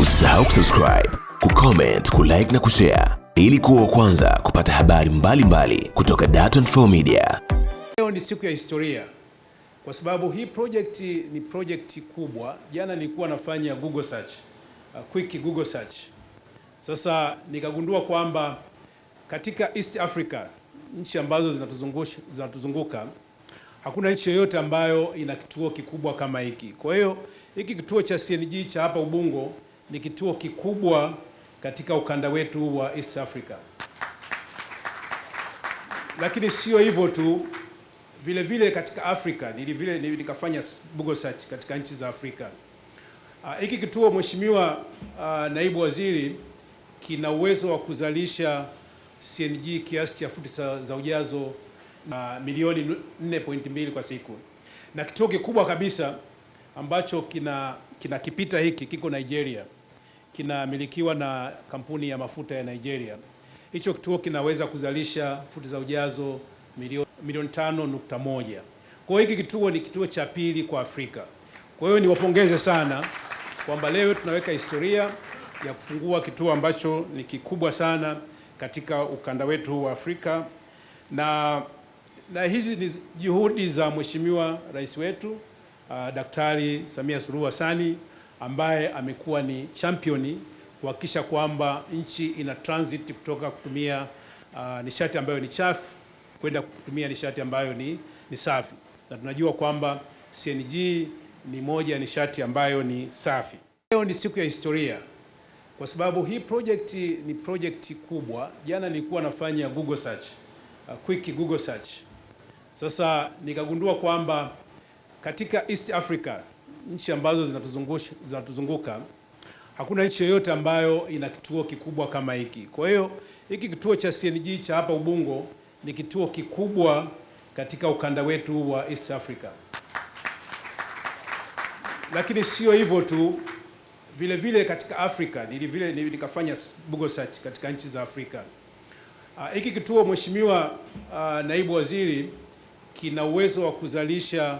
Usisahau kusubscribe, kucomment, kulike na kushare ili kuwa kwanza kupata habari mbalimbali mbali kutoka Dar24 Media. Leo ni siku ya historia kwa sababu hii project ni project kubwa. Jana nilikuwa nafanya Google search, uh, quick Google search. Sasa nikagundua kwamba katika East Africa nchi ambazo zinatuzunguka hakuna nchi yoyote ambayo ina kituo kikubwa kama hiki. Kwa hiyo hiki kituo cha CNG cha hapa Ubungo ni kituo kikubwa katika ukanda wetu wa East Africa. Lakini sio hivyo tu, vile vile katika Afrika vile nikafanya Google search katika nchi za Afrika. Ah, hiki uh, kituo mheshimiwa uh, naibu waziri, kina uwezo wa kuzalisha CNG kiasi cha futi za, za ujazo na uh, milioni 4.2 kwa siku, na kituo kikubwa kabisa ambacho kina kinakipita hiki kiko Nigeria kinamilikiwa na kampuni ya mafuta ya Nigeria. Hicho kituo kinaweza kuzalisha futi za ujazo milioni tano nukta moja. Kwa hiyo hiki kituo ni kituo cha pili kwa Afrika. Kwa hiyo niwapongeze sana kwamba leo tunaweka historia ya kufungua kituo ambacho ni kikubwa sana katika ukanda wetu wa Afrika na, na hizi ni juhudi za Mheshimiwa Rais wetu uh, Daktari Samia Suluhu Hassani ambaye amekuwa ni championi kuhakikisha kwamba nchi ina transit kutoka kutumia uh, nishati ambayo ni chafu kwenda kutumia nishati ambayo ni, ni safi, na tunajua kwamba CNG ni moja ya nishati ambayo ni safi. Leo ni siku ya historia kwa sababu hii project ni project kubwa. Jana nilikuwa nafanya Google search, uh, quick Google search. Sasa nikagundua kwamba katika East Africa nchi ambazo zinatuzunguka hakuna nchi yoyote ambayo ina kituo kikubwa kama hiki. Kwa hiyo hiki kituo cha CNG cha hapa Ubungo ni kituo kikubwa katika ukanda wetu wa East Africa. Lakini sio hivyo tu, vile vile katika Afrika vile nikafanya Google search katika nchi za Afrika. Ah, hiki kituo Mheshimiwa ah, naibu waziri, kina uwezo wa kuzalisha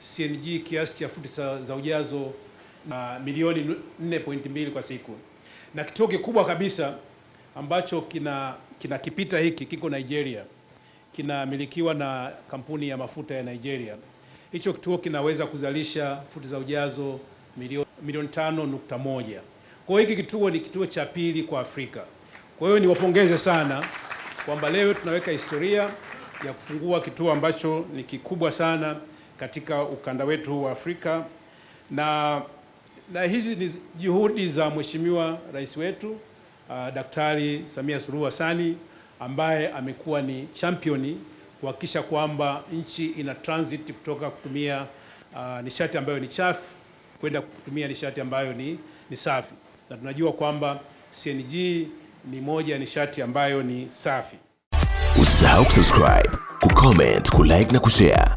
CNG kiasi cha futi za ujazo na uh, milioni 4.2 kwa siku, na kituo kikubwa kabisa ambacho kina kinakipita hiki kiko Nigeria, kinamilikiwa na kampuni ya mafuta ya Nigeria. Hicho kituo kinaweza kuzalisha futi za ujazo milioni 51 moja. Kwa hiyo hiki kituo ni kituo cha pili kwa Afrika. Kwa hiyo niwapongeze sana kwamba leo tunaweka historia ya kufungua kituo ambacho ni kikubwa sana katika ukanda wetu wa Afrika na, na hizi ni juhudi za Mheshimiwa Rais wetu uh, Daktari Samia Suluhu Hassan ambaye amekuwa ni championi kuhakikisha kwamba nchi ina transit kutoka kutumia uh, nishati ambayo ni chafu kwenda kutumia nishati ambayo ni, ni safi na tunajua kwamba CNG ni moja ya nishati ambayo ni safi. Usisahau kusubscribe, kucomment, kulike na kushare